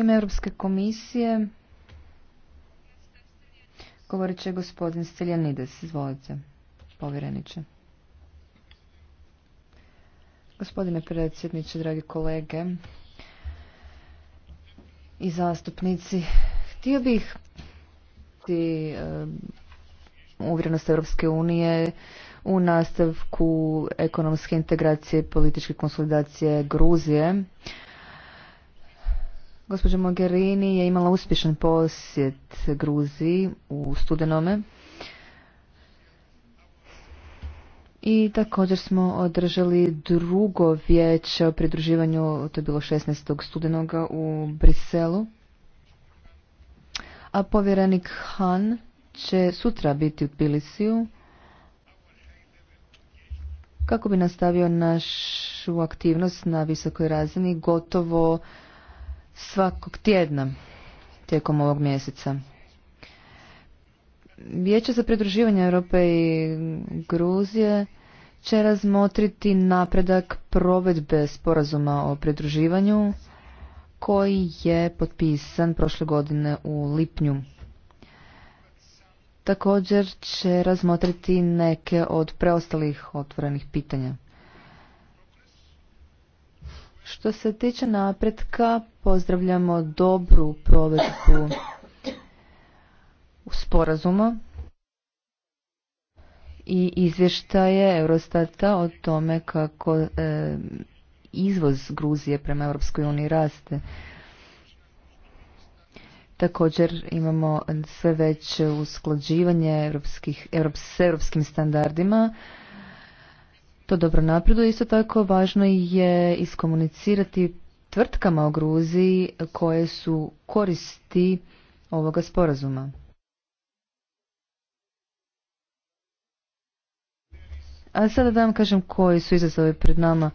U ime Europske komisije govorit će gospodin Stiljanides. Izvolite, povjereniče. Gospodine predsjedniče, dragi kolege i zastupnici, htio bih ti eh, uvjerenost Europske unije u nastavku ekonomske integracije i političke konsolidacije Gruzije Gospođa Mogherini je imala uspješan posjet Gruziji u studenome. I također smo održali drugo vijeće o pridruživanju, to je bilo 16. studenoga u Briselu. A povjerenik Han će sutra biti u Pilisiju kako bi nastavio našu aktivnost na visokoj razini gotovo svakog tjedna tijekom ovog mjeseca. Vijeće za pridruživanje Europe i Gruzije će razmotriti napredak provedbe sporazuma o pridruživanju koji je potpisan prošle godine u lipnju. Također će razmotriti neke od preostalih otvorenih pitanja. Što se tiče napretka, pozdravljamo dobru provedbu sporazuma i izvještaje Eurostata o tome kako e, izvoz Gruzije prema Europskoj uniji raste. Također imamo sve veće usklađivanje s europskim standardima to dobro napreduje. Isto tako važno je iskomunicirati tvrtkama u Gruziji koje su koristi ovoga sporazuma. A sada da vam kažem koji su izazovi pred nama.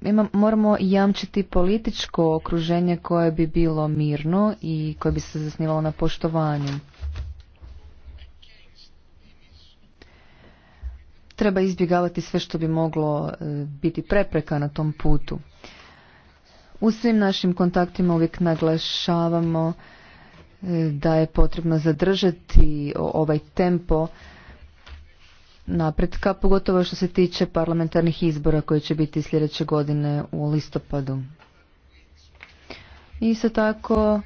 Mi moramo jamčiti političko okruženje koje bi bilo mirno i koje bi se zasnivalo na poštovanju. treba izbjegavati sve što bi moglo e, biti prepreka na tom putu. U svim našim kontaktima uvijek naglašavamo e, da je potrebno zadržati ovaj tempo napretka, pogotovo što se tiče parlamentarnih izbora koji će biti sljedeće godine u listopadu. Isto tako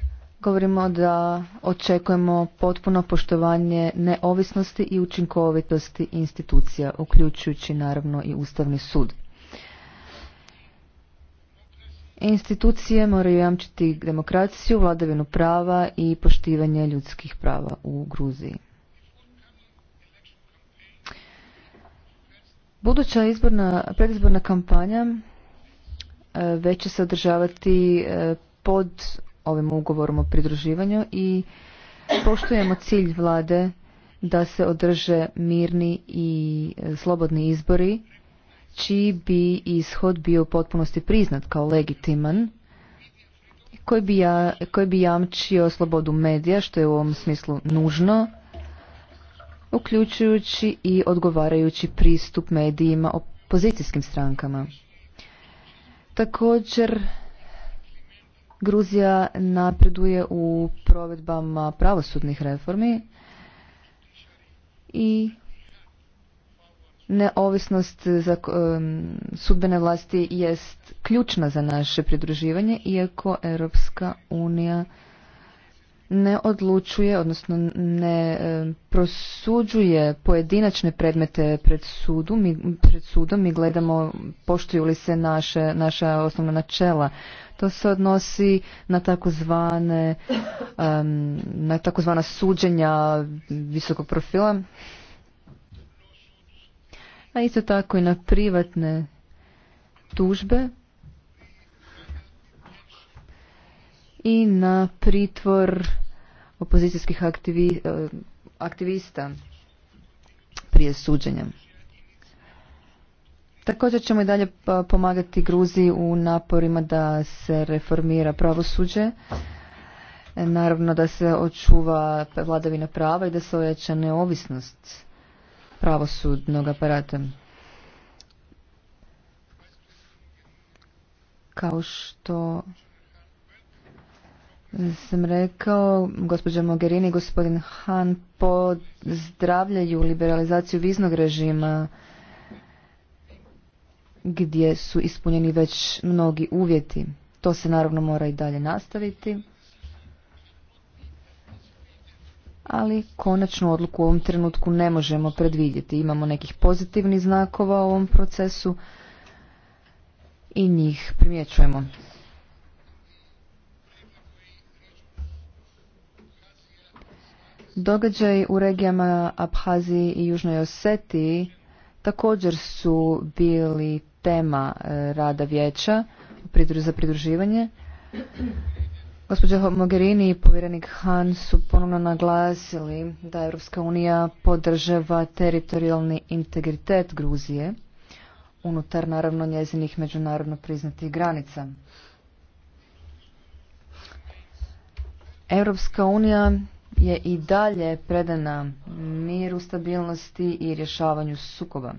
govorimo da očekujemo potpuno poštovanje neovisnosti i učinkovitosti institucija, uključujući naravno i Ustavni sud. Institucije moraju jamčiti demokraciju, vladavinu prava i poštivanje ljudskih prava u Gruziji. Buduća izborna, predizborna kampanja e, već će se održavati e, pod ovim ugovorom o pridruživanju i poštujemo cilj vlade da se održe mirni i slobodni izbori čiji bi ishod bio u potpunosti priznat kao legitiman koji bi, ja, koji bi jamčio slobodu medija što je u ovom smislu nužno uključujući i odgovarajući pristup medijima opozicijskim strankama također Gruzija napreduje u provedbama pravosudnih reformi i neovisnost za sudbene vlasti jest ključna za naše pridruživanje iako Europska unija ne odlučuje, odnosno ne e, prosuđuje pojedinačne predmete pred, sudu, mi, pred sudom. Mi gledamo poštuju li se naše, naša osnovna načela. To se odnosi na takozvane na takozvana suđenja visokog profila. A isto tako i na privatne tužbe i na pritvor opozicijskih e, aktivista prije suđenja. Također ćemo i dalje pa pomagati Gruzi u naporima da se reformira pravosuđe, e, naravno da se očuva vladavina prava i da se ojača neovisnost pravosudnog aparata. Kao što sam rekao, gospođa Mogherini i gospodin Han pozdravljaju liberalizaciju viznog režima gdje su ispunjeni već mnogi uvjeti. To se naravno mora i dalje nastaviti. Ali konačnu odluku u ovom trenutku ne možemo predvidjeti. Imamo nekih pozitivnih znakova u ovom procesu i njih primjećujemo. Događaj u regijama Abhaziji i Južnoj Osetiji također su bili tema e, rada vijeća za pridruživanje. Gospođa Mogherini i povjerenik Han su ponovno naglasili da Europska unija podržava teritorijalni integritet Gruzije unutar naravno njezinih međunarodno priznatih granica. Europska unija je i dalje predana miru, stabilnosti i rješavanju sukoba.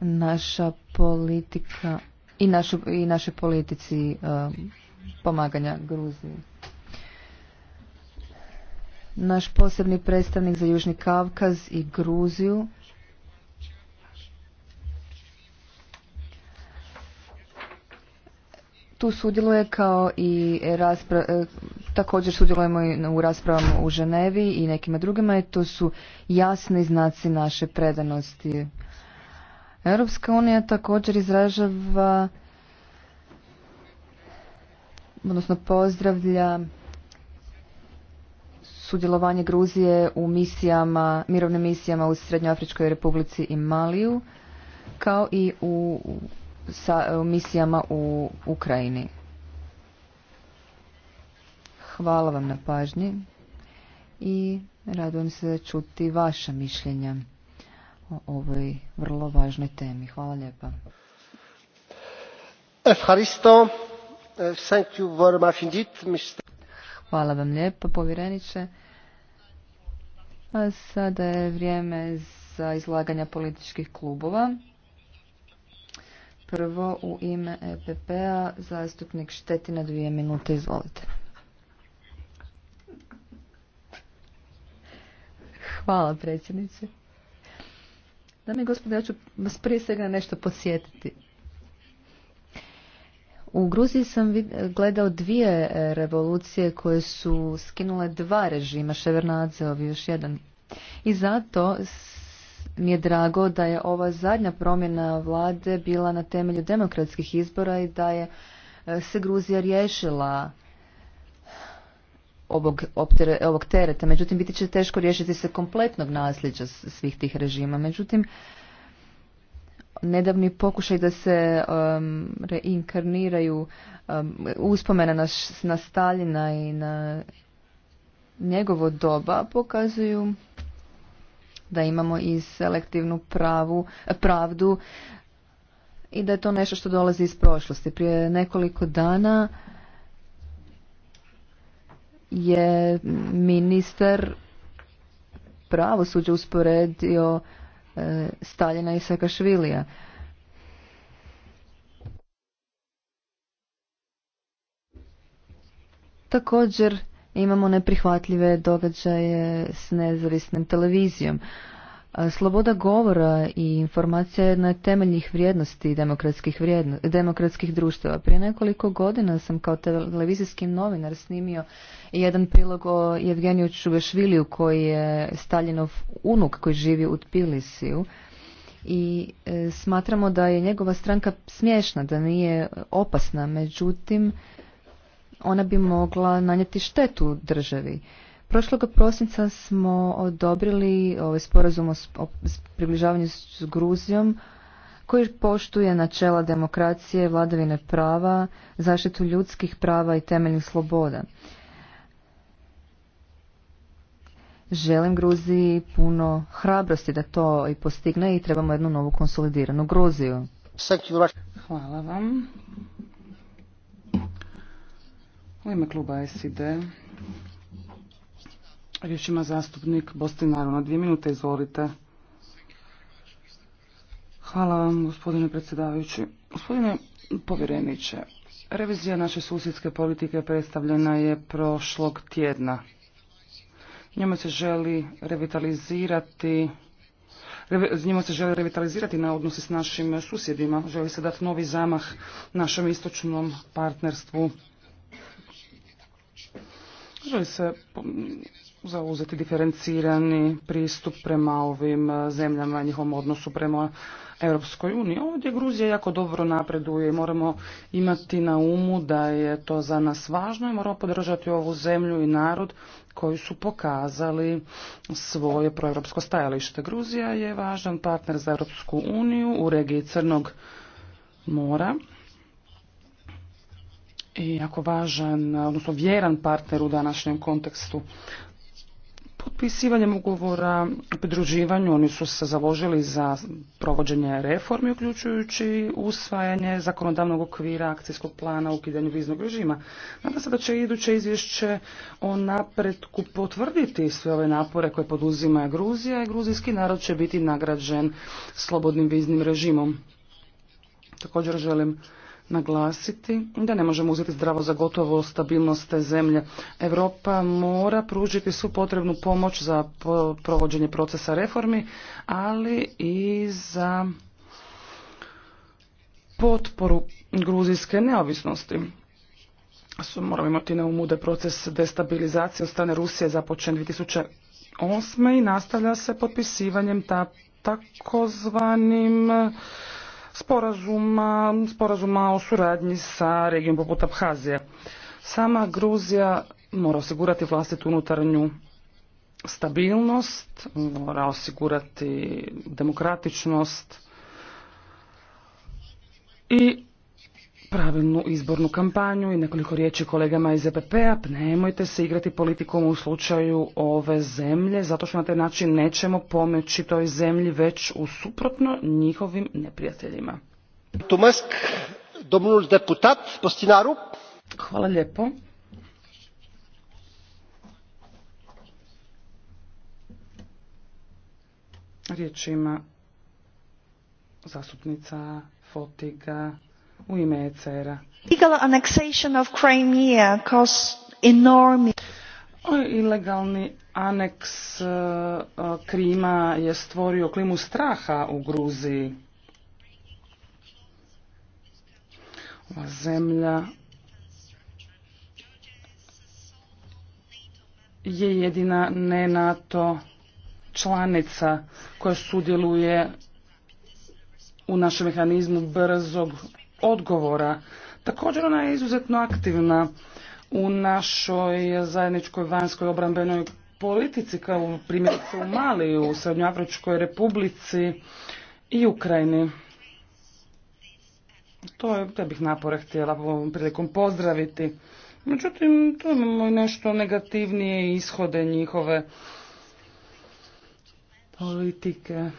Naša politika i, našu, i naše politici e, pomaganja Gruziji. Naš posebni predstavnik za Južni Kavkaz i Gruziju tu sudjeluje kao i raspra e, također sudjelujemo i u raspravama u Ženevi i nekima drugima i to su jasni znaci naše predanosti. Europska unija također izražava odnosno pozdravlja sudjelovanje Gruzije u misijama, mirovnim misijama u Srednjoafričkoj republici i Maliju kao i u sa e, misijama u Ukrajini. Hvala vam na pažnji i radujem se čuti vaša mišljenja o ovoj vrlo važnoj temi. Hvala lijepa. E, Hvala vam lijepa, povjereniče. A sada je vrijeme za izlaganja političkih klubova. Prvo u ime EPP-a zastupnik Štetina dvije minute, izvolite. Hvala predsjednice. Dame i gospode, ja ću vas prije svega nešto podsjetiti. U Gruziji sam gledao dvije revolucije koje su skinule dva režima, Ševernadzeov i još jedan. I zato mi je drago da je ova zadnja promjena vlade bila na temelju demokratskih izbora i da je e, se Gruzija riješila ovog, optere, ovog tereta. Međutim, biti će teško riješiti se kompletnog nasljeđa svih tih režima. Međutim, nedavni pokušaj da se reinkarniraju uspomena na, na Stalina i na njegovo doba pokazuju da imamo i selektivnu pravu, pravdu i da je to nešto što dolazi iz prošlosti. Prije nekoliko dana je ministar pravosuđa usporedio e, Staljina i Sakašvilija. Također imamo neprihvatljive događaje s nezavisnim televizijom. Sloboda govora i informacija je jedna od temeljnih vrijednosti demokratskih, demokratskih društava. Prije nekoliko godina sam kao televizijski novinar snimio jedan prilog o Evgeniju Čugašviliju koji je Staljinov unuk koji živi u Tbilisiju i e, smatramo da je njegova stranka smiješna, da nije opasna, međutim ona bi mogla nanijeti štetu državi. Prošlog prosinca smo odobrili ovaj sporazum o približavanju s Gruzijom koji poštuje načela demokracije, vladavine prava, zaštitu ljudskih prava i temeljnih sloboda. Želim Gruziji puno hrabrosti da to i postigne i trebamo jednu novu konsolidiranu Gruziju. Hvala vam. U ime kluba SID riječ ima zastupnik Bostin Naruna. Dvije minute, izvolite. Hvala vam, gospodine predsjedavajući. Gospodine povjereniče, revizija naše susjedske politike predstavljena je prošlog tjedna. Njome se želi revitalizirati s njima se želi revitalizirati na odnosi s našim susjedima. Želi se dati novi zamah našem istočnom partnerstvu Želi se mm, zauzeti diferencirani pristup prema ovim e, zemljama, njihovom odnosu prema Europskoj uniji. Ovdje Gruzija jako dobro napreduje i moramo imati na umu da je to za nas važno i moramo podržati ovu zemlju i narod koji su pokazali svoje proeuropsko stajalište. Gruzija je važan partner za Europsku uniju u regiji Crnog mora i jako važan, odnosno vjeran partner u današnjem kontekstu. Potpisivanjem ugovora i pridruživanju oni su se založili za provođenje reformi, uključujući usvajanje zakonodavnog okvira akcijskog plana u ukidanju viznog režima. Nadam se da će iduće izvješće o napretku potvrditi sve ove napore koje poduzima Gruzija i gruzijski narod će biti nagrađen slobodnim viznim režimom. Također želim naglasiti da ne možemo uzeti zdravo za gotovo stabilnost te zemlje. Europa mora pružiti svu potrebnu pomoć za provođenje procesa reformi, ali i za potporu gruzijske neovisnosti. Moramo imati na umu da proces destabilizacije od strane Rusije započen 2008. i nastavlja se potpisivanjem ta takozvanim sporazuma, sporazuma o suradnji sa regijom poput Abhazije. Sama Gruzija mora osigurati vlastitu unutarnju stabilnost, mora osigurati demokratičnost i pravilnu izbornu kampanju i nekoliko riječi kolegama iz EPP-a, nemojte se igrati politikom u slučaju ove zemlje, zato što na taj način nećemo pomoći toj zemlji već usuprotno njihovim neprijateljima. Tumesk, domnul deputat, postinaru. Hvala lijepo. Riječ ima zastupnica Fotiga u ime ECR-a. Ilegalni aneks e, e, Krima je stvorio klimu straha u Gruziji. Ova zemlja je jedina ne NATO članica koja sudjeluje u našem mehanizmu brzog odgovora. Također ona je izuzetno aktivna u našoj zajedničkoj vanjskoj obrambenoj politici kao primjerice u Mali, u Srednjoafričkoj republici i Ukrajini. To je, bih napore htjela ovom prilikom pozdraviti. Međutim, tu imamo nešto negativnije ishode njihove politike.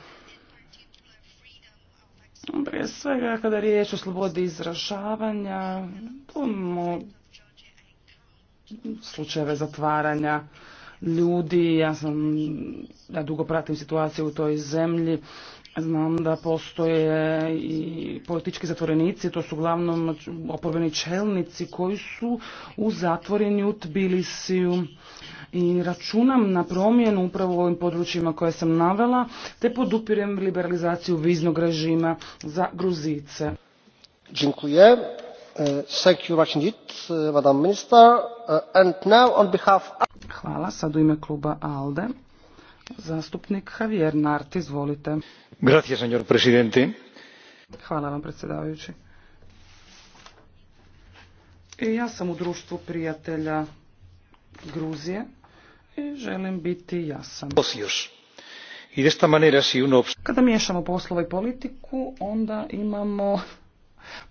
Prije svega kada je riječ o slobodi izražavanja, imamo slučajeve zatvaranja ljudi. Ja sam, ja dugo pratim situaciju u toj zemlji. Znam da postoje i politički zatvorenici, to su uglavnom oporbeni čelnici koji su u zatvorenju u Tbilisiju i računam na promjenu upravo u ovim područjima koje sam navela, te podupirem liberalizaciju viznog režima za Gruzice. Dziękuję. Thank you much Madam Minister. E, and now on behalf... Hvala. Sad u ime kluba ALDE. Zastupnik Javier Nart, izvolite. Gracias, señor presidente. Hvala vam, predsjedavajući. I ja sam u društvu prijatelja Gruzije želim biti jasan. Kada miješamo poslove i politiku, onda imamo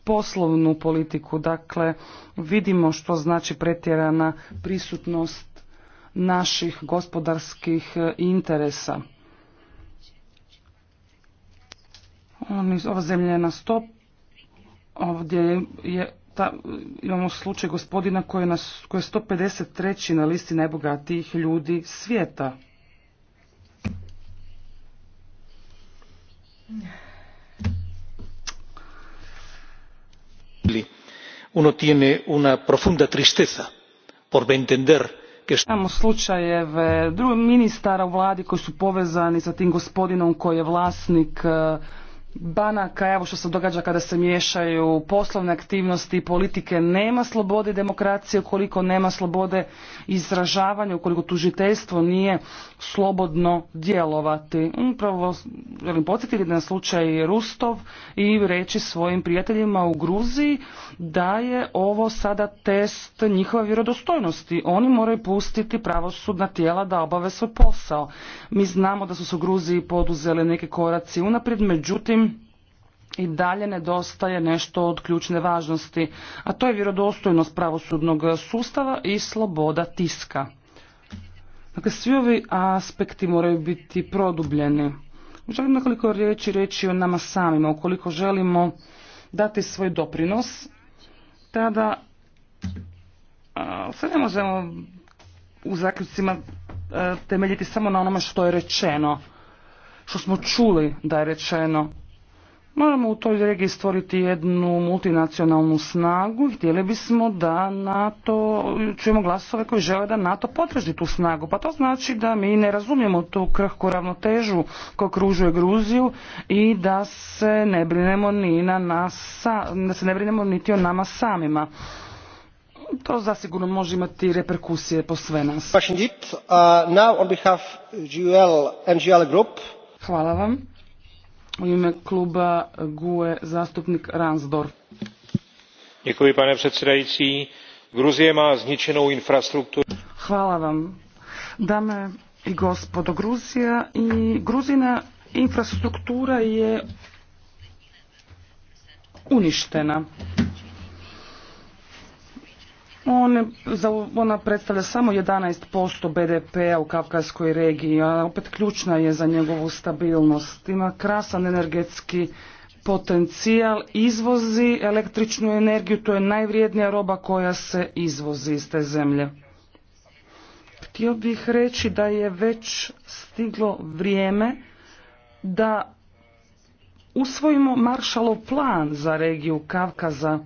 poslovnu politiku. Dakle, vidimo što znači pretjerana prisutnost naših gospodarskih e, interesa. Ova zemlja je na stop, ovdje je ta, imamo slučaj gospodina koji je, na, 153. na listi najbogatijih ljudi svijeta. Uno tiene una profunda tristeza por entender Imamo slučajeve drugih ministara u vladi koji su povezani sa tim gospodinom koji je vlasnik eh, banaka, evo što se događa kada se miješaju poslovne aktivnosti i politike, nema slobode demokracije ukoliko nema slobode izražavanja, ukoliko tužiteljstvo nije slobodno djelovati. Upravo želim podsjetiti na slučaj Rustov i reći svojim prijateljima u Gruziji da je ovo sada test njihove vjerodostojnosti. Oni moraju pustiti pravosudna tijela da obave svoj posao. Mi znamo da su se u Gruziji poduzeli neke koraci unaprijed, međutim i dalje nedostaje nešto od ključne važnosti, a to je vjerodostojnost pravosudnog sustava i sloboda tiska. Dakle, svi ovi aspekti moraju biti produbljeni. Želim nekoliko riječi reći o nama samima. Ukoliko želimo dati svoj doprinos, tada sve ne možemo u zaključcima e, temeljiti samo na onome što je rečeno, što smo čuli da je rečeno. Moramo u toj regiji stvoriti jednu multinacionalnu snagu htjeli bismo da NATO, čujemo glasove koji žele da NATO potraži tu snagu. Pa to znači da mi ne razumijemo tu krhku ravnotežu koja kružuje Gruziju i da se ne brinemo ni na nas, da se ne brinemo niti o nama samima. To zasigurno može imati reperkusije po sve nas. Uh, Hvala vam. U ime kluba GUE zastupnik Ransdorf. Děkuji, pane předsedající. Gruzije má zničenou infrastrukturu. Hvala vam. Dame i gospodo, Gruzija i Gruzina infrastruktura je uništena. On, ona predstavlja samo 11% BDP-a u Kavkajskoj regiji, a opet ključna je za njegovu stabilnost. Ima krasan energetski potencijal, izvozi električnu energiju, to je najvrijednija roba koja se izvozi iz te zemlje. Htio bih reći da je već stiglo vrijeme da usvojimo Maršalov plan za regiju Kavkaza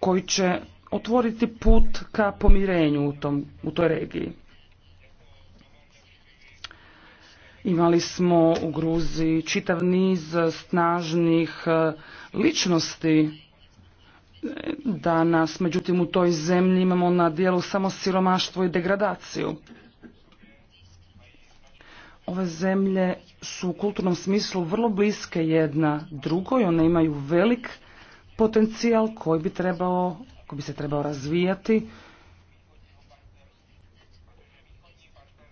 koji će otvoriti put ka pomirenju u, tom, u toj regiji. Imali smo u Gruziji čitav niz snažnih e, ličnosti e, nas međutim u toj zemlji imamo na dijelu samo siromaštvo i degradaciju. Ove zemlje su u kulturnom smislu vrlo bliske jedna drugoj, one imaju velik potencijal koji bi trebao koji bi se trebao razvijati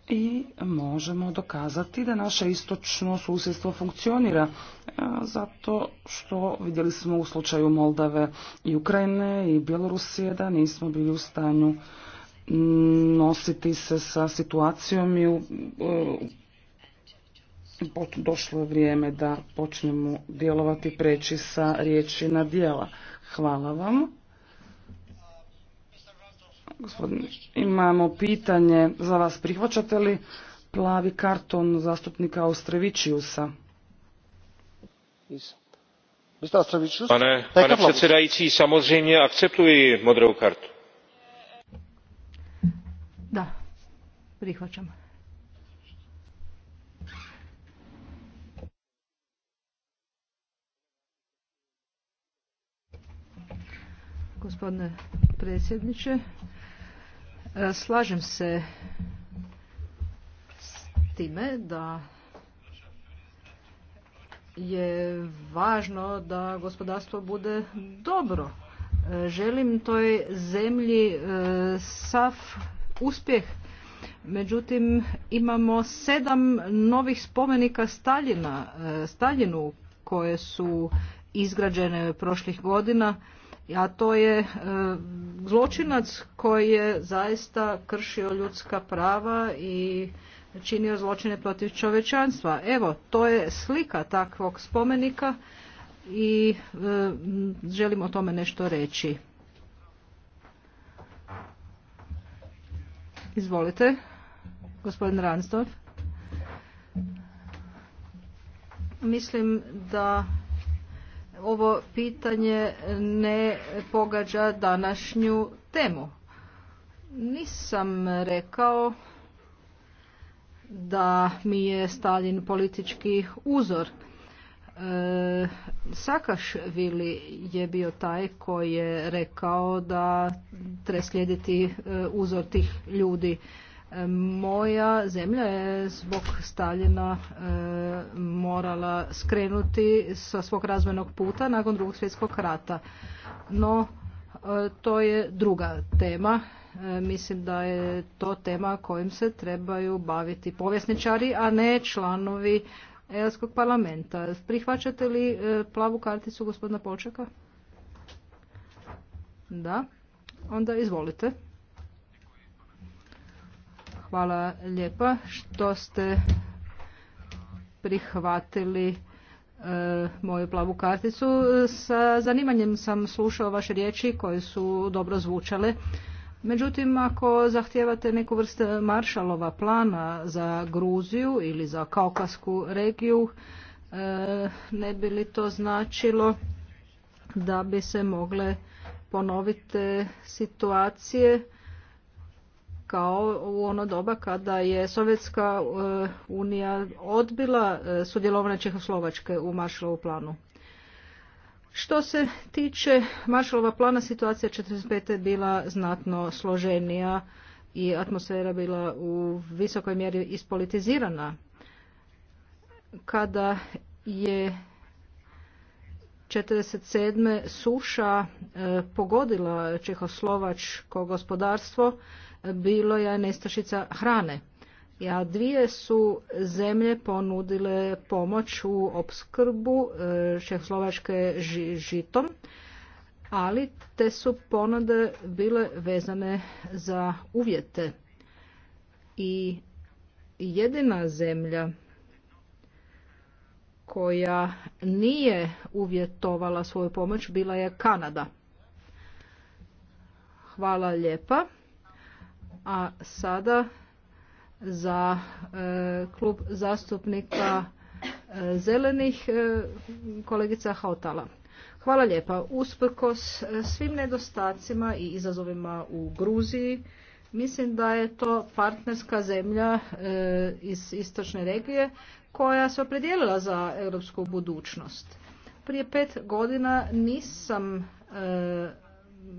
i možemo dokazati da naše istočno susjedstvo funkcionira e, zato što vidjeli smo u slučaju Moldave i Ukrajine i Bjelorusije da nismo bili u stanju nositi se sa situacijom i e, došlo je vrijeme da počnemo djelovati preći sa riječi na djela. Hvala vam. Gospodin, imamo pitanje za vas. Prihvaćate li plavi karton zastupnika Ostrevičijusa? Pane, pane předsedající, samozřejmě akceptuji modrou kartu. Da, prihvaćam. Gospodine predsjedniče, E, slažem se s time da je važno da gospodarstvo bude dobro. E, želim toj zemlji e, sav uspjeh. Međutim, imamo sedam novih spomenika Staljina, Staljinu koje su izgrađene prošlih godina a to je e, zločinac koji je zaista kršio ljudska prava i činio zločine protiv čovečanstva. Evo, to je slika takvog spomenika i e, želim o tome nešto reći. Izvolite, gospodin Ransdorf. Mislim da ovo pitanje ne pogađa današnju temu. Nisam rekao da mi je Stalin politički uzor. E, Sakaš Sakašvili je bio taj koji je rekao da treba slijediti e, uzor tih ljudi moja zemlja je zbog Staljina e, morala skrenuti sa svog razvojnog puta nakon drugog svjetskog rata. No, e, to je druga tema. E, mislim da je to tema kojim se trebaju baviti povjesničari, a ne članovi Europskog parlamenta. Prihvaćate li plavu karticu gospodina Polčaka? Da. Onda izvolite. Hvala lijepa što ste prihvatili e, moju plavu karticu. Sa zanimanjem sam slušao vaše riječi koje su dobro zvučale. Međutim, ako zahtijevate neku vrstu maršalova plana za Gruziju ili za Kaukasku regiju, e, ne bi li to značilo da bi se mogle ponovite situacije kao u ono doba kada je Sovjetska e, unija odbila e, sudjelovanje Čehoslovačke u Maršalovu planu. Što se tiče Maršalova plana, situacija 45. je bila znatno složenija i atmosfera bila u visokoj mjeri ispolitizirana. Kada je 1947. suša e, pogodila čehoslovačko gospodarstvo, bilo je nestašica hrane. Ja, dvije su zemlje ponudile pomoć u opskrbu e, Čehoslovačke žitom, ali te su ponude bile vezane za uvjete. I jedina zemlja koja nije uvjetovala svoju pomoć bila je Kanada. Hvala lijepa. A sada za e, klub zastupnika e, zelenih e, kolegica Hautala. Hvala lijepa. Usprkos svim nedostacima i izazovima u Gruziji, mislim da je to partnerska zemlja iz istočne regije koja se opredijelila za europsku budućnost. Prije pet godina nisam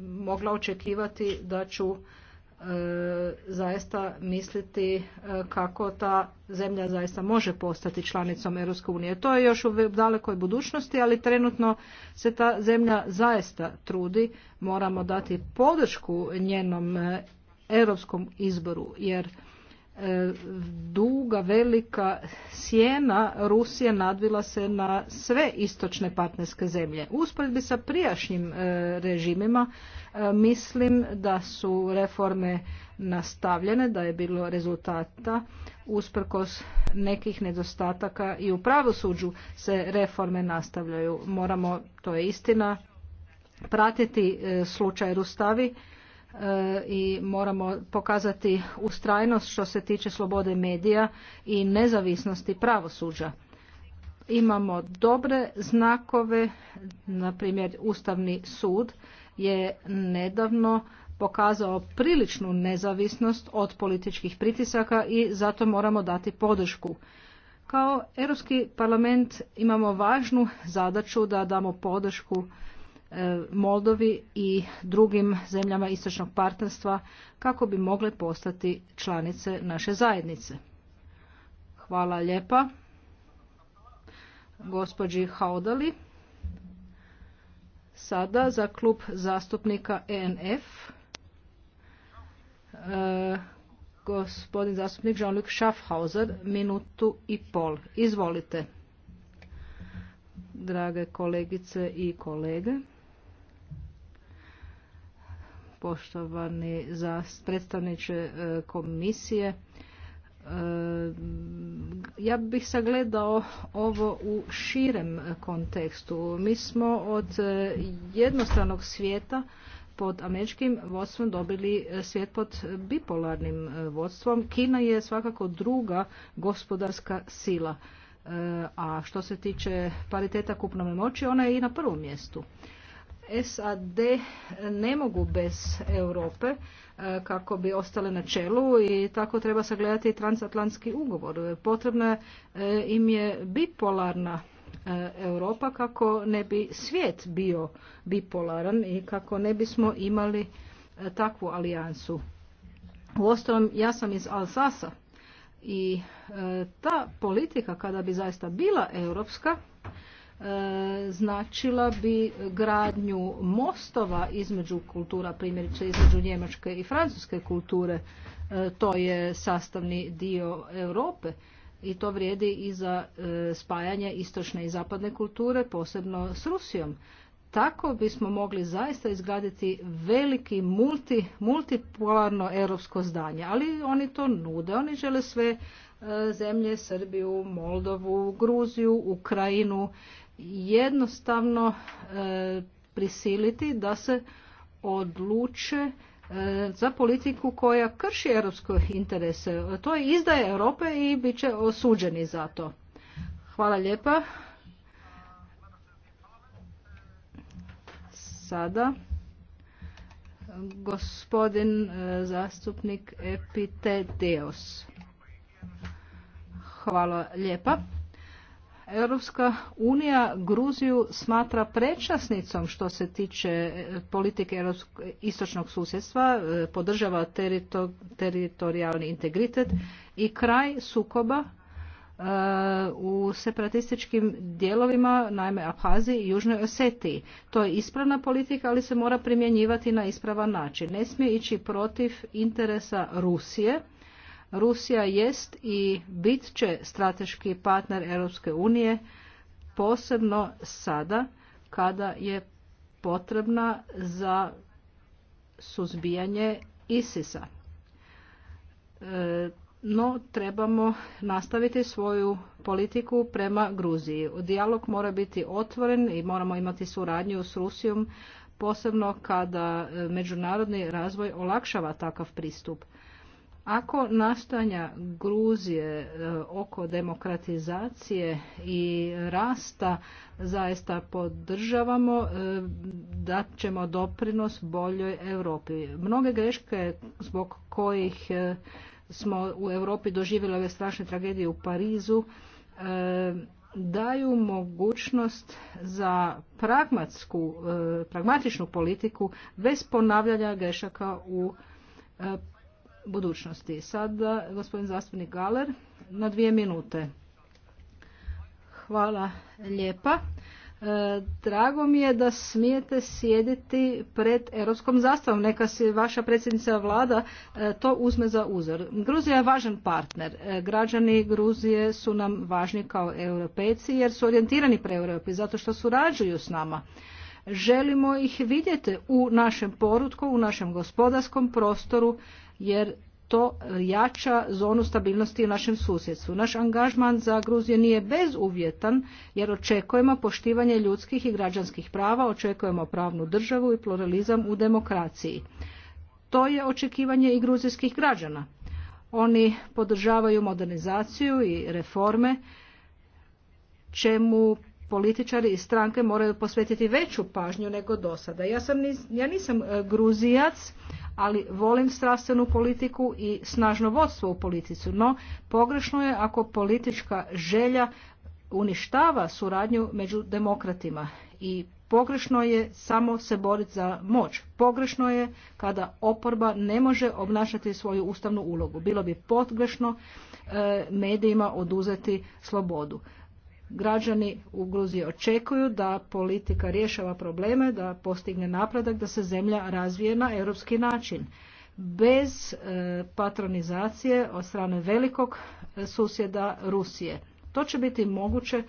mogla očekivati da ću zaista misliti e, kako ta zemlja zaista može postati članicom Europske unije. To je još u dalekoj budućnosti, ali trenutno se ta zemlja zaista trudi. Moramo dati podršku njenom e, europskom izboru, jer E, duga velika sjena Rusije nadvila se na sve istočne partnerske zemlje. Usporedbi sa prijašnjim e, režimima e, mislim da su reforme nastavljene, da je bilo rezultata usprkos nekih nedostataka i u pravosuđu se reforme nastavljaju. Moramo, to je istina, pratiti slučaj Rustavi E, i moramo pokazati ustrajnost što se tiče slobode medija i nezavisnosti pravosuđa. Imamo dobre znakove, na primjer Ustavni sud je nedavno pokazao priličnu nezavisnost od političkih pritisaka i zato moramo dati podršku. Kao Europski parlament imamo važnu zadaću da damo podršku E, Moldovi i drugim zemljama istočnog partnerstva kako bi mogle postati članice naše zajednice. Hvala lijepa gospođi Haudali. Sada za klub zastupnika ENF e, gospodin zastupnik Jean-Luc Schaffhauser minutu i pol. Izvolite. Drage kolegice i kolege poštovani za predstavniče e, komisije. E, ja bih sagledao ovo u širem kontekstu. Mi smo od e, jednostranog svijeta pod američkim vodstvom dobili svijet pod bipolarnim vodstvom. Kina je svakako druga gospodarska sila. A što se tiče pariteta kupnome moći, ona je i na prvom mjestu. SAD ne mogu bez Europe e, kako bi ostale na čelu i tako treba sagledati i transatlantski ugovor. Potrebna e, im je bipolarna e, Europa kako ne bi svijet bio bipolaran i kako ne bismo imali takvu alijansu. Uostalom, ja sam iz Alsasa i ta politika kada bi zaista bila europska, E, značila bi gradnju mostova između kultura, primjerice između njemačke i francuske kulture. E, to je sastavni dio Europe i to vrijedi i za e, spajanje istočne i zapadne kulture, posebno s Rusijom. Tako bismo mogli zaista izgraditi veliki multipolarno europsko zdanje, ali oni to nude, oni žele sve zemlje, Srbiju, Moldovu, Gruziju, Ukrajinu jednostavno e, prisiliti da se odluče e, za politiku koja krši europske interese. To je izdaje Europe i bit će osuđeni za to. Hvala lijepa. Sada gospodin e, zastupnik Epitedeos. Hvala lijepa. Europska unija Gruziju smatra prečasnicom što se tiče e, politike istočnog susjedstva, e, podržava teritorijalni integritet i kraj sukoba e, u separatističkim dijelovima, naime Abhaziji i Južnoj Osetiji. To je ispravna politika, ali se mora primjenjivati na ispravan način. Ne smije ići protiv interesa Rusije Rusija jest i bit će strateški partner Europske unije posebno sada kada je potrebna za suzbijanje ISIS-a. E, no, trebamo nastaviti svoju politiku prema Gruziji. Dijalog mora biti otvoren i moramo imati suradnju s Rusijom, posebno kada e, međunarodni razvoj olakšava takav pristup. Ako nastanja Gruzije e, oko demokratizacije i rasta zaista podržavamo, e, dat ćemo doprinos boljoj Europi. Mnoge greške zbog kojih e, smo u Europi doživjeli ove strašne tragedije u Parizu daju mogućnost za pragmatsku, pragmatičnu politiku bez ponavljanja grešaka u budućnosti. Sad gospodin zastupnik Galer na dvije minute. Hvala lijepa. E, drago mi je da smijete sjediti pred europskom zastavom. Neka se vaša predsjednica vlada e, to uzme za uzor. Gruzija je važan partner. E, građani Gruzije su nam važni kao europejci jer su orijentirani pre Europi zato što surađuju s nama. Želimo ih vidjeti u našem porutku, u našem gospodarskom prostoru, jer to jača zonu stabilnosti u našem susjedstvu. Naš angažman za Gruziju nije bezuvjetan jer očekujemo poštivanje ljudskih i građanskih prava, očekujemo pravnu državu i pluralizam u demokraciji. To je očekivanje i gruzijskih građana. Oni podržavaju modernizaciju i reforme čemu političari i stranke moraju posvetiti veću pažnju nego do sada. Ja, sam, ja nisam e, gruzijac, ali volim strastvenu politiku i snažno vodstvo u politici. No, pogrešno je ako politička želja uništava suradnju među demokratima i pogrešno je samo se boriti za moć. Pogrešno je kada oporba ne može obnašati svoju ustavnu ulogu. Bilo bi pogrešno e, medijima oduzeti slobodu. Građani u Gruziji očekuju da politika rješava probleme, da postigne napredak, da se zemlja razvije na europski način. Bez e, patronizacije od strane velikog e, susjeda Rusije. To će biti moguće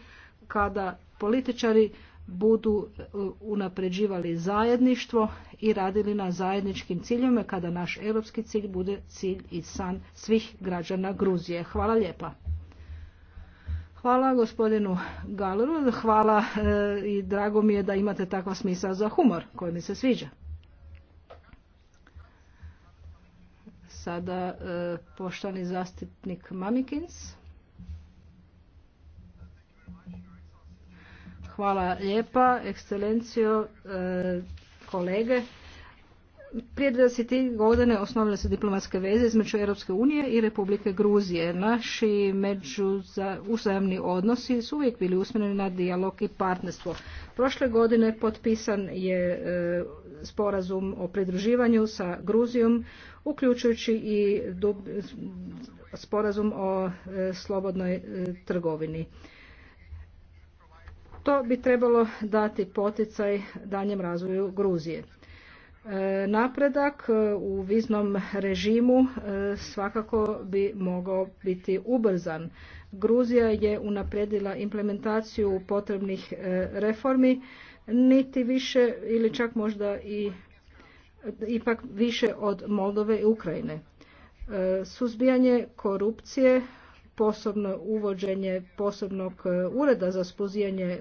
kada političari budu e, unapređivali zajedništvo i radili na zajedničkim ciljima kada naš europski cilj bude cilj i san svih građana Gruzije. Hvala lijepa. Hvala gospodinu Galeru, hvala e, i drago mi je da imate takva smisla za humor koji mi se sviđa. Sada e, poštani zastupnik Mamikins. Hvala lijepa, ekscelencijo, e, kolege. Prije 20. godine osnovile su diplomatske veze između Europske unije i Republike Gruzije. Naši među odnosi su uvijek bili usmjereni na dijalog i partnerstvo. Prošle godine potpisan je e, sporazum o pridruživanju sa Gruzijom, uključujući i sporazum o e, slobodnoj e, trgovini. To bi trebalo dati poticaj danjem razvoju Gruzije. E, napredak e, u viznom režimu e, svakako bi mogao biti ubrzan. Gruzija je unaprijedila implementaciju potrebnih reformi, niti više ili čak možda i ipak više od Moldove i Ukrajine. Suzbijanje korupcije, posebno uvođenje posebnog ureda za spuzijanje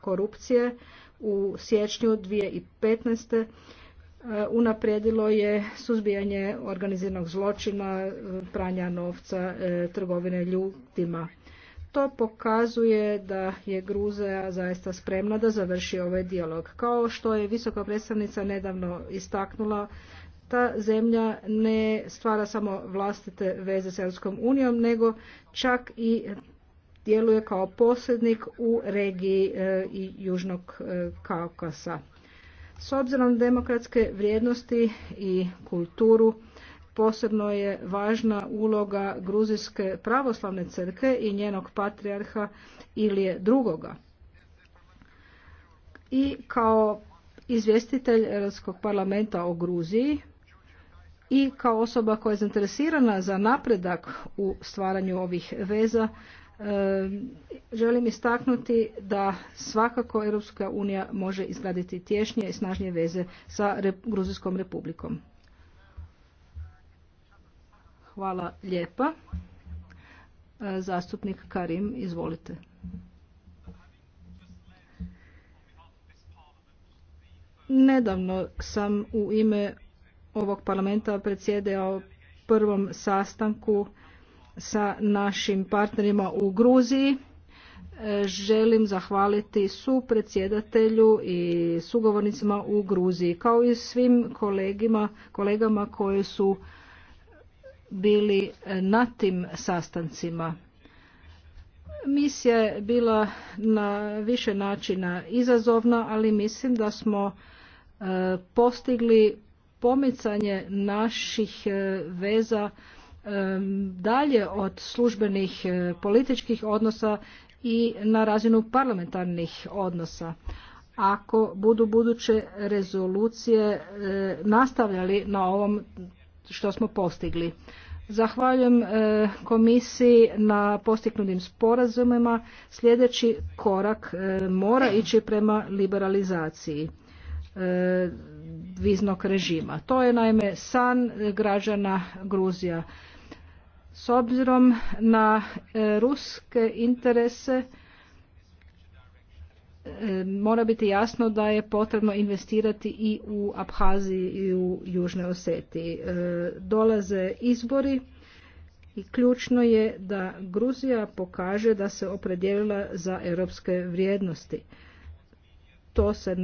korupcije u siječnju 2015 E, unaprijedilo je suzbijanje organiziranog zločina, e, pranja novca, e, trgovine ljudima. To pokazuje da je Gruzija zaista spremna da završi ovaj dijalog. Kao što je visoka predstavnica nedavno istaknula, ta zemlja ne stvara samo vlastite veze s Europskom unijom, nego čak i djeluje kao posljednik u regiji Južnog Kaukasa. S obzirom na demokratske vrijednosti i kulturu, posebno je važna uloga Gruzijske pravoslavne crkve i njenog patrijarha ili drugoga. I kao izvjestitelj Europskog parlamenta o Gruziji i kao osoba koja je zainteresirana za napredak u stvaranju ovih veza, Ehm, želim istaknuti da svakako Europska unija može izgraditi tješnije i snažnije veze sa Gruzijskom republikom. Hvala lijepa. E, zastupnik Karim, izvolite. Nedavno sam u ime ovog parlamenta predsjedao prvom sastanku sa našim partnerima u Gruziji. E, želim zahvaliti su predsjedatelju i sugovornicima u Gruziji, kao i svim kolegima, kolegama koji su bili na tim sastancima. Misija je bila na više načina izazovna, ali mislim da smo e, postigli pomicanje naših e, veza dalje od službenih e, političkih odnosa i na razinu parlamentarnih odnosa ako budu buduće rezolucije e, nastavljali na ovom što smo postigli. Zahvaljujem e, komisiji na postignutim sporazumima. Sljedeći korak mora ići prema liberalizaciji viznog režima. To je naime san građana Gruzija. S obzirom na e, ruske interese e, mora biti jasno da je potrebno investirati i u Abhaziji i u Južnoj Osetiji. E, dolaze izbori i ključno je da Gruzija pokaže da se opredijelila za europske vrijednosti. To se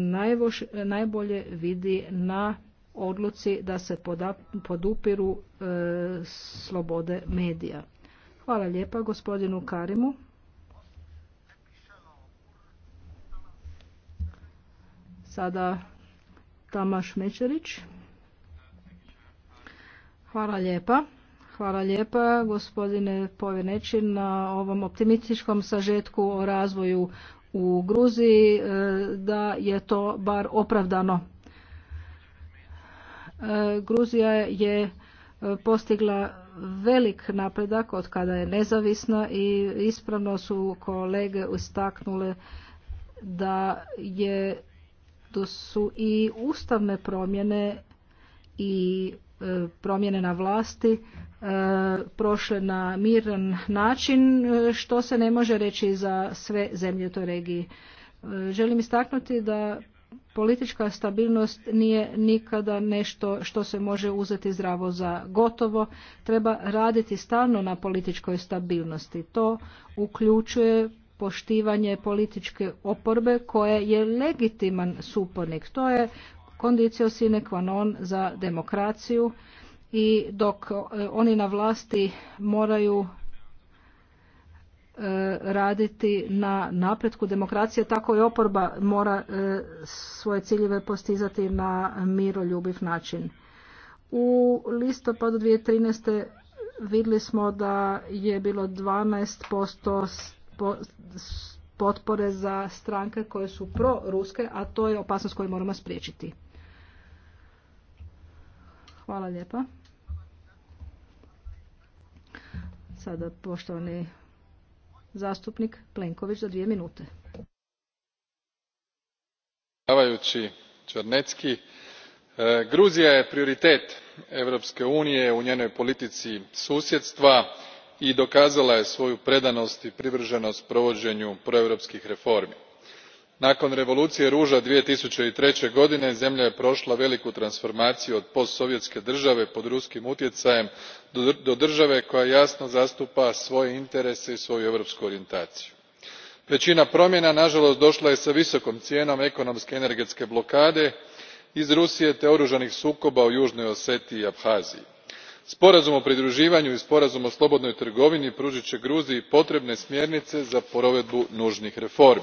najbolje vidi na odluci da se podupiru e, slobode medija. Hvala lijepa gospodinu Karimu. Sada Tamaš Mečerić. Hvala lijepa. Hvala lijepa gospodine Povjeneći na ovom optimističkom sažetku o razvoju u Gruziji e, da je to bar opravdano Gruzija je e, postigla velik napredak od kada je nezavisna i ispravno su kolege istaknule da je da su i ustavne promjene i e, promjene na vlasti e, prošle na miran način što se ne može reći za sve zemlje u toj regiji. Želim istaknuti da Politička stabilnost nije nikada nešto što se može uzeti zdravo za gotovo. Treba raditi stalno na političkoj stabilnosti. To uključuje poštivanje političke oporbe koja je legitiman supornik. To je kondicio sine za demokraciju i dok e, oni na vlasti moraju E, raditi na napretku demokracije, tako i oporba mora e, svoje ciljeve postizati na miroljubiv način. U listopadu 2013. vidli smo da je bilo 12% potpore za stranke koje su proruske, a to je opasnost koju moramo spriječiti. Hvala lijepa. Sada poštovani Zastupnik Plenković za dvije minute. E, Gruzija je prioritet Europske unije u njenoj politici susjedstva i dokazala je svoju predanost i privrženost provođenju proeuropskih reformi nakon revolucije rua. two thousand and three godine zemlja je prola veliku transformaciju od postsovjetske drave pod ruskim utjecajem do drave koja jasno zastupa svoje interese i svoju europsku orijentaciju. Većina promjena naalost dola je s visokom cijenom ekonomske i energetske blokade iz rusije te oružanih sukoba u junoj osetiji i abhaziji. sporazum o pridruživanju i sporazum o slobodnoj trgovini pruit e gruziji potrebne smjernice za provedbu nužnih reformi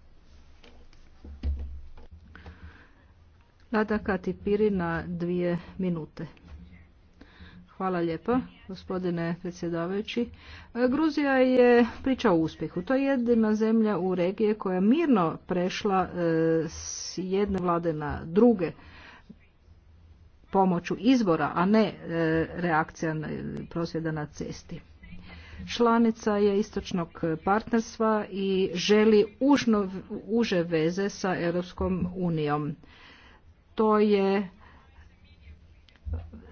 Nada Katipiri na dvije minute. Hvala lijepa, gospodine predsjedavajući. Gruzija je priča o uspjehu. To je jedina zemlja u regiji koja je mirno prešla e, s jedne vlade na druge pomoću izbora, a ne e, reakcija prosvjeda na cesti. Članica je istočnog partnerstva i želi užno, uže veze sa Europskom unijom to je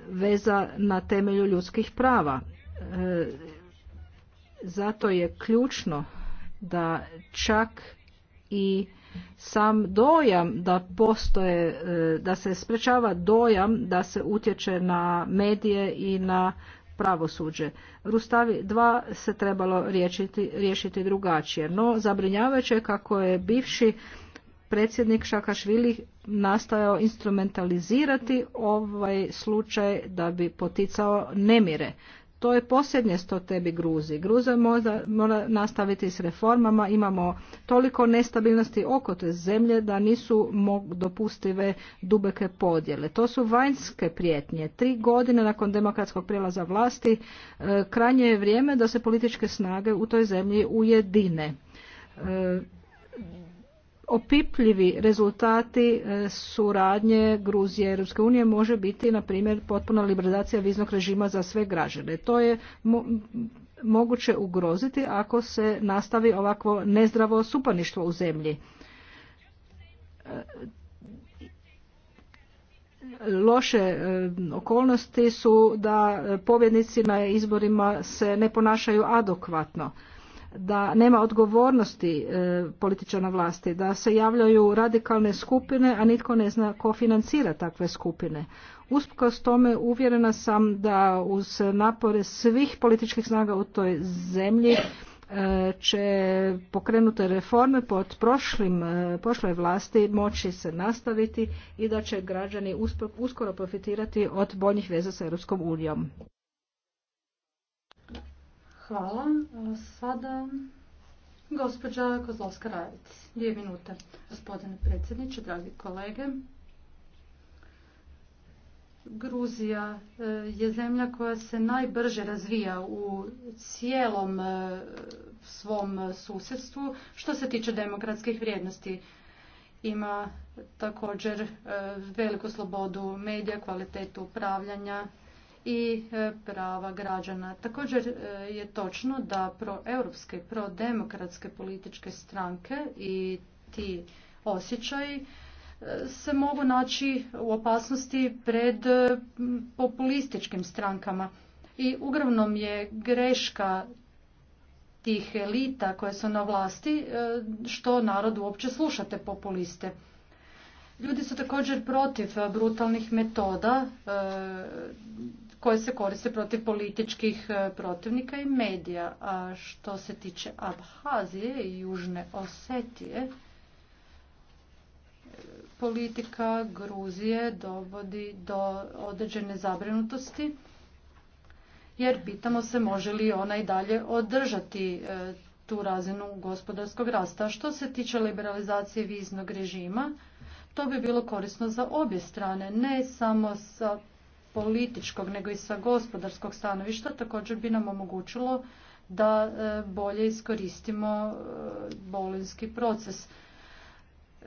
veza na temelju ljudskih prava. E, zato je ključno da čak i sam dojam da postoje, e, da se sprečava dojam da se utječe na medije i na pravosuđe. Rustavi dva se trebalo riješiti, riješiti drugačije, no zabrinjavajuće kako je bivši predsjednik Šakašvili nastojao instrumentalizirati ovaj slučaj da bi poticao nemire. To je posljednje što tebi gruzi. Gruza mora, nastaviti s reformama. Imamo toliko nestabilnosti oko te zemlje da nisu dopustive dubeke podjele. To su vanjske prijetnje. Tri godine nakon demokratskog prijelaza vlasti e, krajnje je vrijeme da se političke snage u toj zemlji ujedine. E, opipljivi rezultati e, suradnje Gruzije i Europske unije može biti, na primjer, potpuna liberalizacija viznog režima za sve građane. To je moguće ugroziti ako se nastavi ovakvo nezdravo supaništvo u zemlji. E, loše e, okolnosti su da pobjednici na izborima se ne ponašaju adekvatno da nema odgovornosti e, političana vlasti, da se javljaju radikalne skupine, a nitko ne zna ko financira takve skupine. Usprkos tome uvjerena sam da uz napore svih političkih snaga u toj zemlji e, će pokrenute reforme pod prošlim, e, prošloj vlasti moći se nastaviti i da će građani uskoro profitirati od boljih veza sa Europskom unijom. Hvala. sada gospođa Kozlovska Rajec. Dvije minute. Gospodine predsjedniče, dragi kolege. Gruzija e, je zemlja koja se najbrže razvija u cijelom e, svom susjedstvu što se tiče demokratskih vrijednosti. Ima također e, veliku slobodu medija, kvalitetu upravljanja i e, prava građana. Također e, je točno da proeuropske prodemokratske političke stranke i ti osjećaji e, se mogu naći u opasnosti pred populističkim strankama. I uglavnom je greška tih elita koje su na vlasti što narod uopće slušate populiste. Ljudi su također protiv brutalnih metoda koje se koriste protiv političkih e, protivnika i medija. A što se tiče Abhazije i Južne Osetije, e, politika Gruzije dovodi do određene zabrinutosti jer pitamo se može li ona i dalje održati e, tu razinu gospodarskog rasta. Što se tiče liberalizacije viznog režima, to bi bilo korisno za obje strane, ne samo sa političkog nego i sa gospodarskog stanovišta također bi nam omogućilo da e, bolje iskoristimo e, bolinski proces. E,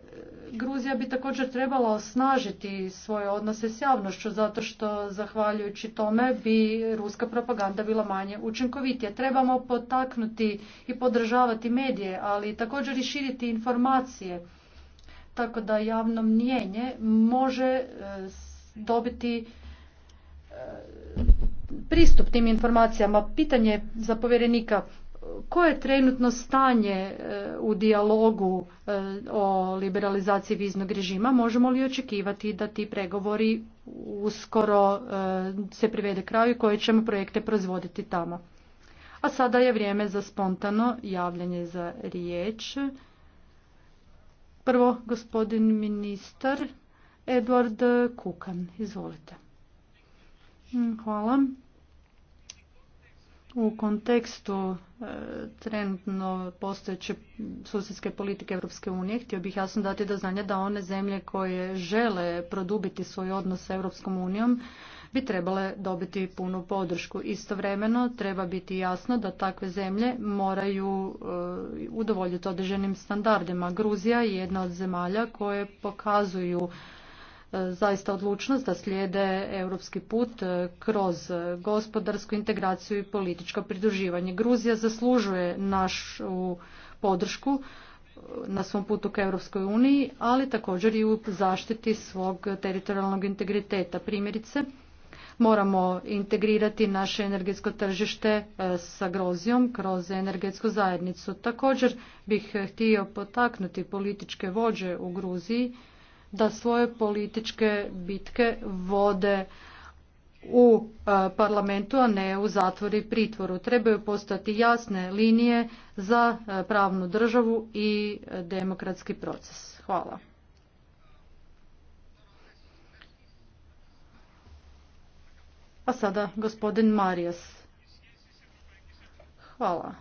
Gruzija bi također trebala osnažiti svoje odnose s javnošću zato što zahvaljujući tome bi ruska propaganda bila manje učinkovitija. Trebamo potaknuti i podržavati medije, ali također i širiti informacije tako da javno mnjenje može dobiti pristup tim informacijama. Pitanje za povjerenika koje je trenutno stanje e, u dijalogu e, o liberalizaciji viznog režima? Možemo li očekivati da ti pregovori uskoro e, se privede kraju i koje ćemo projekte proizvoditi tamo? A sada je vrijeme za spontano javljanje za riječ. Prvo, gospodin ministar Edward Kukan. Izvolite. Hvala. U kontekstu e, trenutno postojeće susjedske politike Europske unije htio bih jasno dati do znanja da one zemlje koje žele produbiti svoj odnos s Europskom unijom bi trebale dobiti punu podršku. Istovremeno treba biti jasno da takve zemlje moraju e, udovoljiti određenim standardima. Gruzija je jedna od zemalja koje pokazuju E, zaista odlučnost da slijede europski put e, kroz gospodarsku integraciju i političko pridruživanje. Gruzija zaslužuje našu podršku e, na svom putu ka Europskoj uniji, ali također i u zaštiti svog teritorijalnog integriteta. Primjerice, moramo integrirati naše energetsko tržište sa Grozijom kroz energetsku zajednicu. Također bih htio potaknuti političke vođe u Gruziji da svoje političke bitke vode u e, parlamentu, a ne u zatvori i pritvoru. Trebaju postati jasne linije za e, pravnu državu i e, demokratski proces. Hvala. A sada gospodin Marijas. Hvala.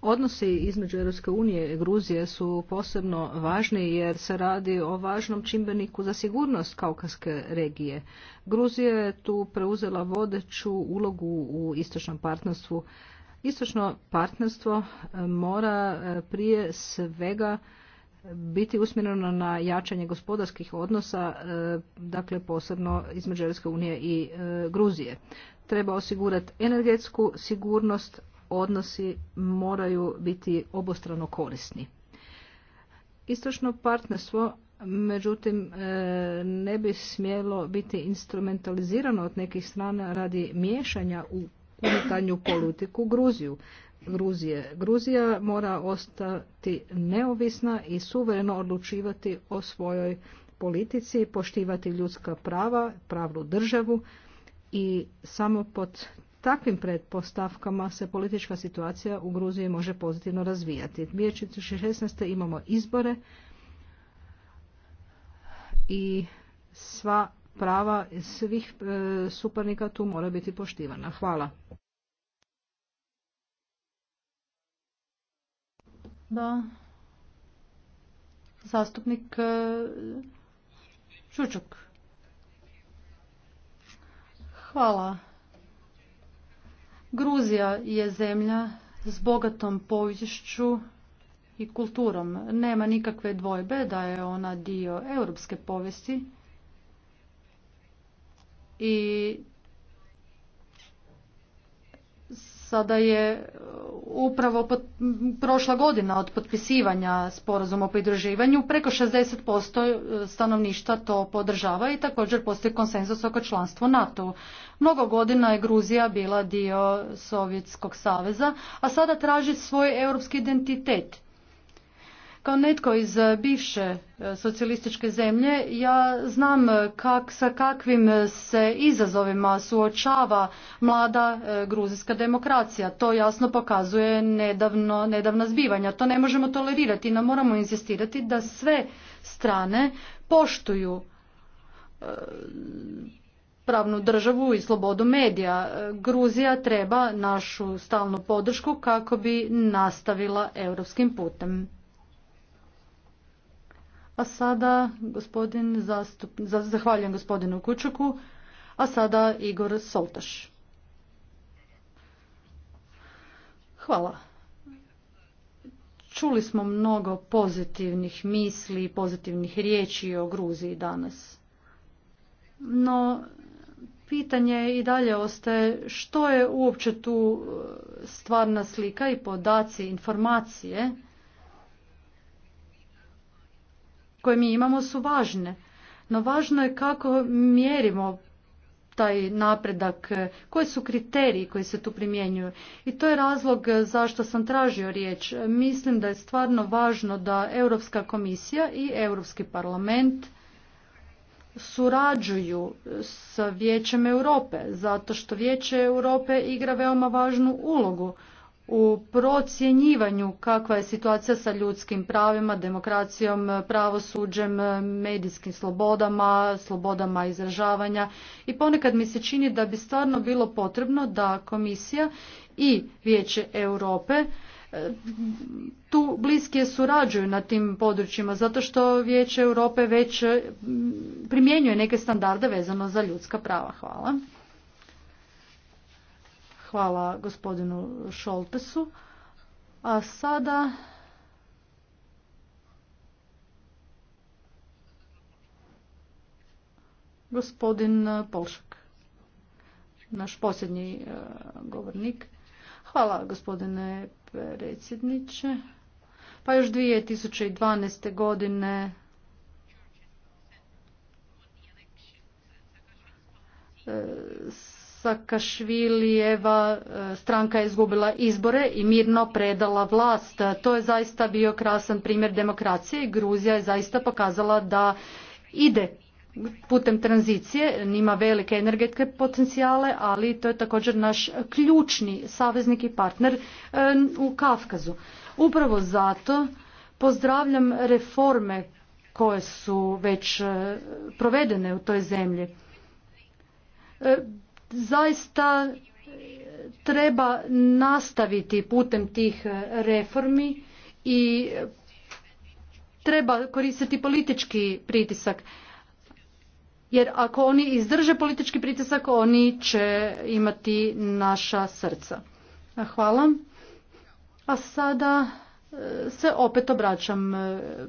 Odnosi između Europske unije i Gruzije su posebno važni jer se radi o važnom čimbeniku za sigurnost Kaukaske regije. Gruzija je tu preuzela vodeću ulogu u istočnom partnerstvu. Istočno partnerstvo e, mora e, prije svega e, biti usmjereno na jačanje gospodarskih odnosa, dakle posebno između Europske unije i Gruzije. Treba osigurati energetsku sigurnost, odnosi moraju biti obostrano korisni. Istočno partnerstvo međutim e, ne bi smjelo biti instrumentalizirano od nekih strana radi miješanja u unutarnju politiku Gruziju. Gruzije. Gruzija mora ostati neovisna i suvereno odlučivati o svojoj politici, poštivati ljudska prava, pravnu državu i samo pod takvim pretpostavkama se politička situacija u Gruziji može pozitivno razvijati. 2016. imamo izbore i sva prava svih e, suparnika tu mora biti poštivana. Hvala. Da. Zastupnik e, Čučuk. Hvala Gruzija je zemlja s bogatom poviješću i kulturom. Nema nikakve dvojbe da je ona dio europske povijesti i sada je e, upravo prošla godina od potpisivanja sporazuma o pridruživanju. Preko 60% e, stanovništva to podržava i također postoji konsenzus oko članstvo NATO. Mnogo godina je Gruzija bila dio Sovjetskog saveza, a sada traži svoj europski identitet. Kao netko iz e, bivše e, socijalističke zemlje, ja znam e, kak, sa kakvim se izazovima suočava mlada gruzijska demokracija. To jasno pokazuje nedavno, nedavna zbivanja. To ne možemo tolerirati, no moramo insistirati da sve strane poštuju pravnu državu i slobodu medija. Gruzija treba našu stalnu podršku kako bi nastavila europskim putem. A sada gospodin zastup... zahvaljujem gospodinu Kučuku, a sada Igor Soltaš. Hvala. Čuli smo mnogo pozitivnih misli i pozitivnih riječi o Gruziji danas. No, pitanje i dalje ostaje što je uopće tu stvarna slika i podaci, informacije koje mi imamo su važne. No važno je kako mjerimo taj napredak, koji su kriteriji koji se tu primjenjuju. I to je razlog eh, zašto sam tražio riječ. Mislim da je stvarno važno da Europska komisija i Europski parlament surađuju sa Vijećem Europe, zato što Vijeće Europe igra veoma važnu ulogu u procjenjivanju kakva je situacija sa ljudskim pravima, demokracijom, pravosuđem, medijskim slobodama, slobodama izražavanja i ponekad mi se čini da bi stvarno bilo potrebno da komisija i Vijeće Europe e, tu bliskije surađuju na tim područjima zato što Vijeće Europe već primjenjuje neke standarde vezano za ljudska prava. Hvala. Hvala gospodinu Šoltesu. A sada... Gospodin Polšak, naš posljednji e, govornik. Hvala gospodine predsjedniče. Pa još 2012. godine Kašvilijeva e, stranka je izgubila izbore i mirno predala vlast. To je zaista bio krasan primjer demokracije i Gruzija je zaista pokazala da ide putem tranzicije, ima velike energetske potencijale, ali to je također naš ključni saveznik i partner e, u Kafkazu. Upravo zato pozdravljam reforme koje su već e, provedene u toj zemlji zaista e, treba nastaviti putem tih e, reformi i treba koristiti politički pritisak. Jer ako oni izdrže politički pritisak, oni će imati naša srca. Hvala. A sada e, se opet obraćam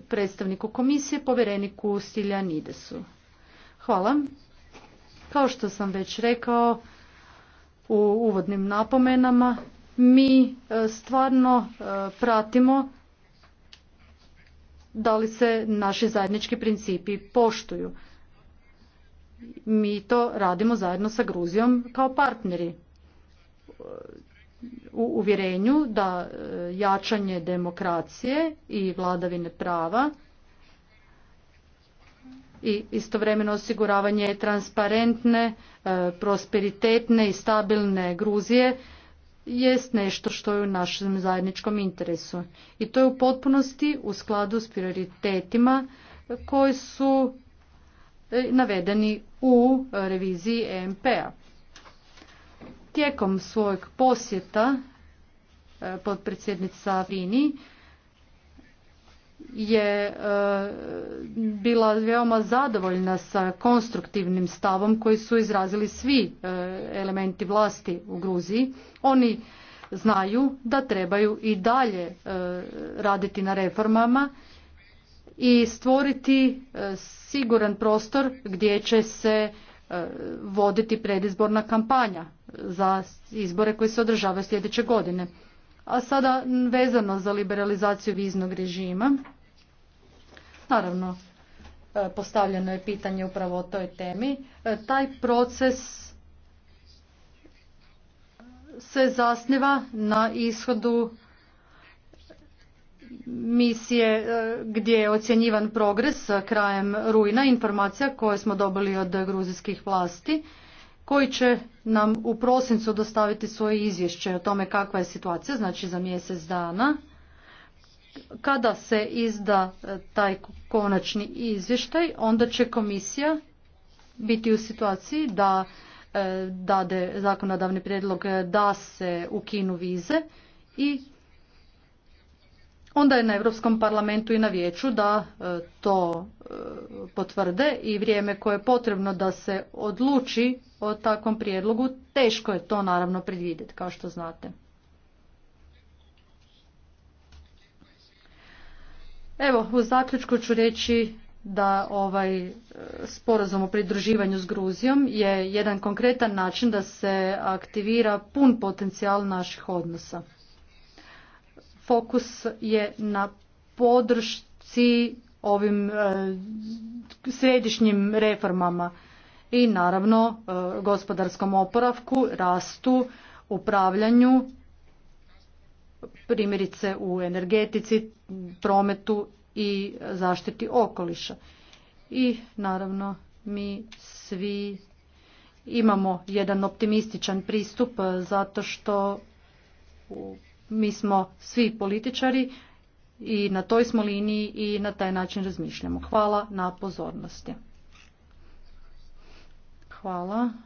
predstavniku komisije, povjereniku Nidesu. Hvala. Kao što sam već rekao u uvodnim napomenama, mi e, stvarno e, pratimo da li se naši zajednički principi poštuju. Mi to radimo zajedno sa Gruzijom kao partneri u uvjerenju da e, jačanje demokracije i vladavine prava i istovremeno osiguravanje transparentne, e, prosperitetne i stabilne Gruzije jest nešto što je u našem zajedničkom interesu. I to je u potpunosti u skladu s prioritetima koji su e, navedeni u e, reviziji EMP-a. Tijekom svojeg posjeta podpredsjednica Vini je e, bila veoma zadovoljna sa konstruktivnim stavom koji su izrazili svi e, elementi vlasti u Gruziji. Oni znaju da trebaju i dalje e, raditi na reformama i stvoriti siguran prostor gdje će se voditi predizborna kampanja za izbore koji se održavaju sljedeće godine. A sada vezano za liberalizaciju viznog režima. Naravno, e, postavljeno je pitanje upravo o toj temi. E, taj proces se zasniva na ishodu misije e, gdje je ocjenjivan progres krajem rujna, informacija koje smo dobili od gruzijskih vlasti koji će nam u prosincu dostaviti svoje izvješće o tome kakva je situacija, znači za mjesec dana. Kada se izda e, taj konačni izvještaj, onda će komisija biti u situaciji da e, dade zakonodavni prijedlog e, da se ukinu vize i onda je na Europskom parlamentu i na vijeću da to potvrde i vrijeme koje je potrebno da se odluči o takvom prijedlogu. Teško je to naravno predvidjeti, kao što znate. Evo, u zaključku ću reći da ovaj e, sporazum o pridruživanju s Gruzijom je jedan konkretan način da se aktivira pun potencijal naših odnosa. Fokus je na podršci ovim e, središnjim reformama i naravno e, gospodarskom oporavku, rastu, upravljanju, primjerice u energetici, prometu i zaštiti okoliša. I naravno mi svi imamo jedan optimističan pristup e, zato što mi smo svi političari i na toj smo liniji i na taj način razmišljamo. Hvala na pozornosti. Hvala.